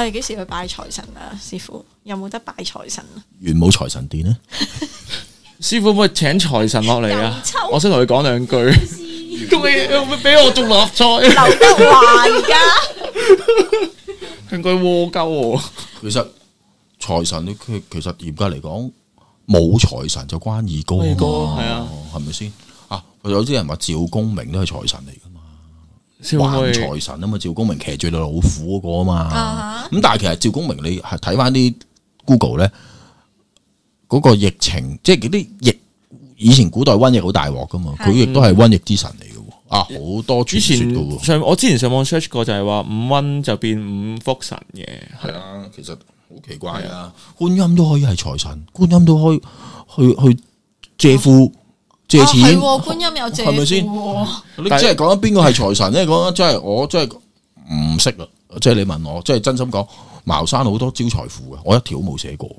我哋幾時去拜財神啊？師傅，有冇得拜財神啊？元武財神殿咧， 師傅可請財神落嚟啊！秋我先同佢講兩句，咁你會俾我仲落菜？劉 德華而家，佢 句禍鳩啊。其實財神佢其實嚴格嚟講，冇財神就關二哥。二哥係啊，係咪先啊？有啲人話趙公明都係財神嚟噶嘛？還財神啊嘛，趙、啊、公明騎住隻老虎嗰個啊嘛，咁但係其實趙公明你係睇返啲 Google 咧，嗰個疫情即係啲疫，以前古代瘟疫好大鑊噶嘛，佢亦都係瘟疫之神嚟嘅啊。好多傳說，我之前上網 search 過就係話五瘟就變五福神嘅，係啊，其實好奇怪啊，觀的音都可以係財神，觀音都可以去去，去借庫。啊借錢，觀、啊、音有借，係咪先？你即係講緊邊個係財神咧？講緊即係我真，即係唔識啊！即係你問我，即、就、係、是、真心講，茅山好多招財符，嘅，我一條都冇寫過。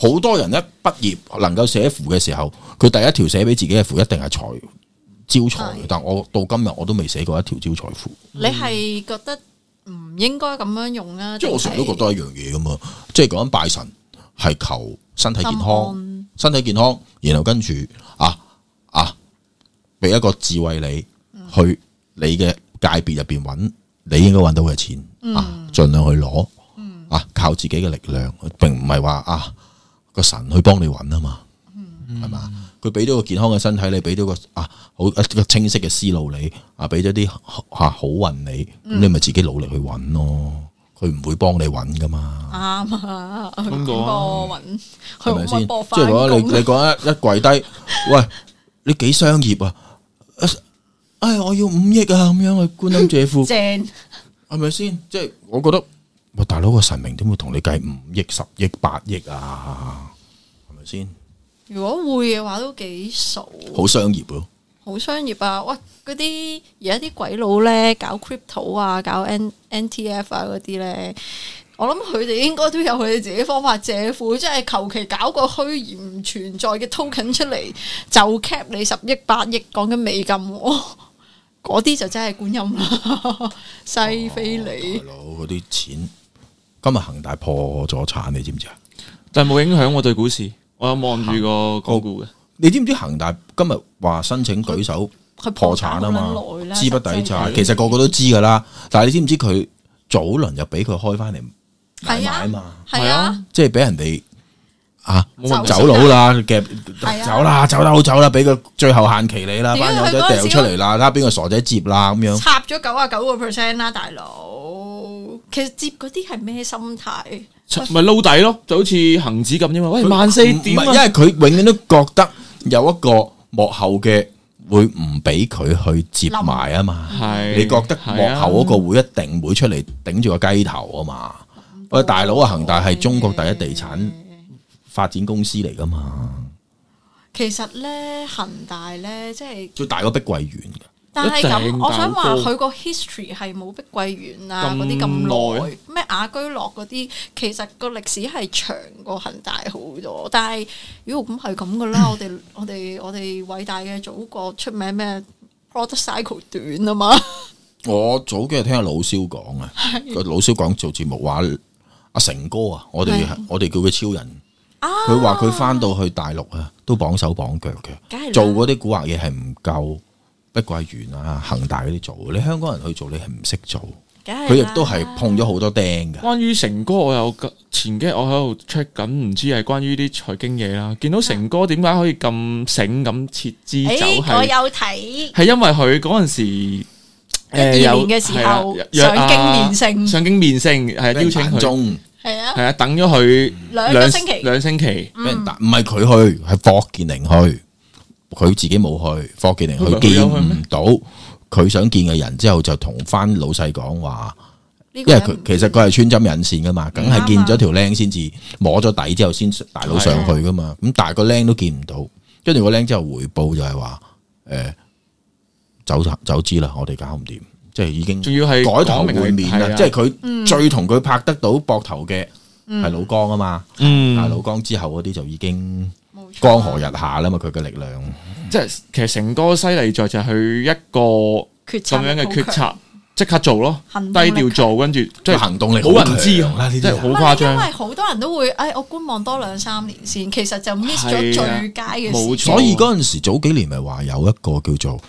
好多人一畢業能夠寫符嘅時候，佢第一條寫俾自己嘅符一定係財招財，的但我到今日我都未寫過一條招財符。你係覺得唔應該咁樣用啊、嗯是？即係我成日都覺得一樣嘢噶嘛，即係講緊拜神係求身體健康。身體健康，然後跟住啊啊，俾、啊、一個智慧你、嗯、去你嘅界別入邊揾，你應該揾到嘅錢啊，盡量去攞啊，靠自己嘅力量，並唔係話啊個神去幫你揾啊嘛，係嘛、嗯？佢俾咗個健康嘅身體你，俾咗個啊好一個清晰嘅思路你啊，俾咗啲吓好運你，咁、嗯、你咪自己努力去揾咯。佢唔會幫你揾噶嘛？啱啊，邊個揾？係咪先？即係如果你，你講一一跪低， 喂，你幾商業啊？哎，我要五億啊，咁樣去觀音借庫， 正係咪先？即係我覺得，大佬個神明點會同你計五億、十億、八億啊？係咪先？如果會嘅話，都幾熟、啊。好商業咯、啊。好商業啊！喂，嗰啲而家啲鬼佬咧，搞 crypto 啊，搞 N NTF 啊嗰啲咧，我諗佢哋應該都有佢哋自己方法借款，即係求其搞個虛擬唔存在嘅 token 出嚟，就 cap 你十億八億講緊美金、啊，嗰 啲就真係觀音啦， 西非你利、哦！大佬，嗰啲錢今日恒大破咗產，你知唔知啊？但係冇影響我對股市，我有望住個高估嘅。行高你知唔知恒大今日話申請舉手破產啊嘛？資不抵債，其實個個都知噶啦。但係你知唔知佢早輪就俾佢開翻嚟買啊嘛？係啊，即係俾人哋啊，走佬啦，走啦，走啦，走啦，俾佢最後限期你啦，班友仔掉出嚟啦，睇下邊個傻仔接啦咁樣。插咗九十九個 percent 啦，大佬，其實接嗰啲係咩心態？咪撈底咯，就好似恒指咁啫嘛。喂，萬四點？唔係，因為佢永遠都覺得。有一個幕後嘅會唔俾佢去接埋啊嘛？是你覺得幕後嗰個會一定會出嚟頂住個雞頭啊嘛？喂的、哎，大佬啊，恒大係中國第一地產發展公司嚟噶嘛？其實咧，恒大咧，即係最大嗰碧桂園嘅但係咁，我想話佢個 history 係冇碧桂園啊嗰啲咁耐，咩雅居樂嗰啲，其實個歷史係長過恒大好多。但係如果咁係咁噶啦，我哋我哋我哋偉大嘅祖國出名咩 product cycle 短啊嘛。我早幾日聽阿老蕭講啊，個老蕭講做節目話阿成哥啊，我哋我哋叫佢超人，佢話佢翻到去大陸啊，都綁手綁腳嘅，做嗰啲古惑嘢係唔夠。碧桂園啊，恆大嗰啲做，你香港人去做，你係唔識做，佢亦都係碰咗好多釘嘅。關於成哥，我有前幾日我喺度 check 緊，唔知係關於啲財經嘢啦。見到成哥點解可以咁醒咁撤資走係？我有睇，係因為佢嗰陣時一二年嘅時候上京面聖，上京面聖係邀請佢，係啊係啊，等咗佢兩個星期，兩個星期俾人打，唔係佢去，係霍建寧去。佢自己冇去，霍建寧佢見唔到佢想見嘅人之後，就同翻老細講話，因為佢其實佢係穿針引線噶嘛，梗係見咗條僆先至摸咗底之後先大佬上去噶嘛，咁的但係個僆都見唔到，跟住個僆之後回報就係話，誒、欸，走走之啦，我哋搞唔掂，即係已經，仲要係改頭換面啦，即係佢最同佢拍得到膊頭嘅係老江啊嘛，但係、嗯、老江之後嗰啲就已經。江河日下啦嘛，佢嘅力量，嗯、即係其實成哥犀利在就係、去、一個咁樣嘅決策，即刻做咯，低調做跟住即係行動力。冇人知啊，真係好誇張。因為好多人都會，哎，我觀望多兩三年先，其實就 miss 咗最佳嘅，冇錯、啊、所以嗰陣時早幾年咪話有一個叫做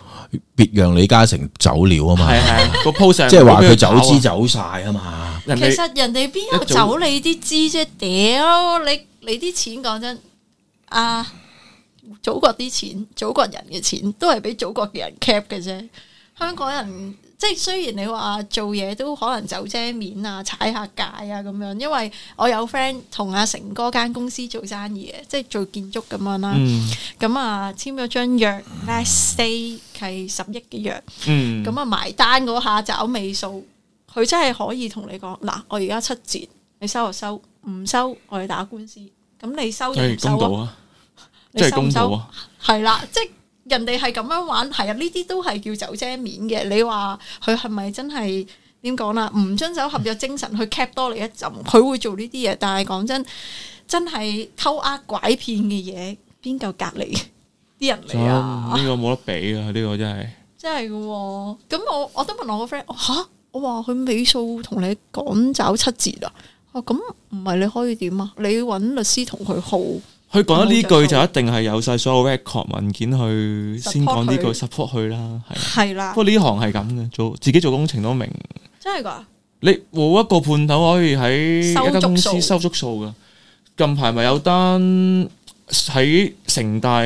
別讓李嘉誠走了 啊是是走走嘛，係個 post，即係話佢走資走晒啊嘛。其實人哋邊有走你啲資啫？屌你你啲錢講真。啊！祖國啲錢，祖國人嘅錢，都係俾祖國嘅人 cap 嘅啫。香港人即係雖然你話做嘢都可能走遮面踏踏啊、踩下界啊咁樣，因為我有 friend 同阿成哥間公司做生意嘅，即係做建築咁樣啦。咁啊簽咗張約，last day 係十億嘅約。嗯。咁啊埋單嗰下找尾數，佢真係可以同你講嗱，我而家七折，你收就收，唔收我哋打官司。咁你收唔收啊？即係公道啊！收收即係公道啊！係啦，即、就、係、是、人哋係咁樣玩，係啊，呢啲都係叫走遮面嘅。你話佢係咪真係點講啦？唔遵守合約精神去 cap、嗯、多你一針，佢會做呢啲嘢。但係講真，真係偷呃拐騙嘅嘢，邊夠隔離啲 人嚟啊？呢、嗯這個冇得比啊！呢、這個真係真係噶、哦。咁我我都問我個 friend，我吓，我話佢尾數同你趕走七折啊！哦，咁唔係你可以點啊？你揾律師同佢好，佢講呢句就一定係有晒所有 record 文件去先講呢句 support 去啦，係。係啦，不過呢行係咁嘅，做自己做工程都明。真係噶？你冇一個判頭可以喺一間公司收足數噶。數近排咪有單喺城大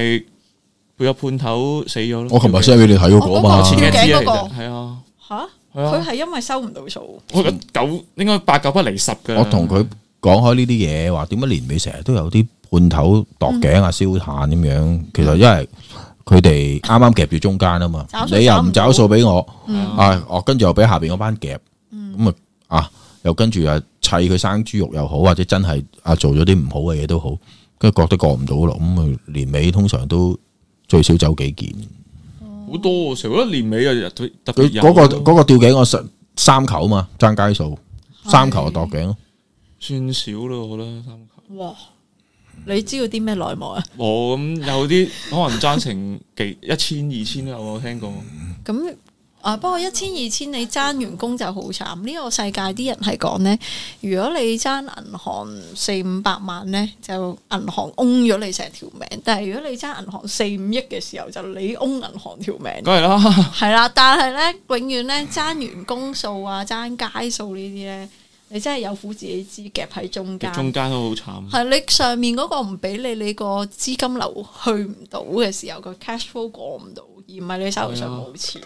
有判頭死咗咯。我琴日 send 俾你睇嗰個嘛，吊頸嗰個，係啊。吓、那個那個？佢係因為收唔到數，我九應該八九不離十嘅。我同佢講開呢啲嘢，話點解年尾成日都有啲半頭度頸啊燒炭咁樣？其實因為佢哋啱啱夾住中間啊嘛，嗯、你又唔找數俾我、嗯、啊，哦，跟住又俾下邊嗰班夾，咁啊啊，又跟住啊砌佢生豬肉又好，或者真係啊做咗啲唔好嘅嘢都好，跟住覺得過唔到咯，咁啊年尾通常都最少走幾件。好多成一年尾日日佢，佢嗰、那個、啊、個吊頸我三三球啊嘛，爭街數是三球就度頸咯，算少咯，我覺得三球。哇！你知道啲咩內幕啊？冇，咁有啲可能爭成幾 一千二千都有。我有聽過。咁、嗯。啊！不過一千二千你爭員工就好慘。呢、這個世界啲人係講咧，如果你爭銀行四五百萬咧，就銀行嗡咗你成條命。但係如果你爭銀行四五億嘅時候，就你嗡銀行條命。梗係啦，係啦、啊。但係咧，永遠咧爭員工數啊，爭街數呢啲咧，你真係有苦自己知，夾喺中間。中間都好慘。係你上面嗰個唔俾你，你個資金流去唔到嘅時候，個 cash flow 過唔到，而唔係你手頭上冇錢。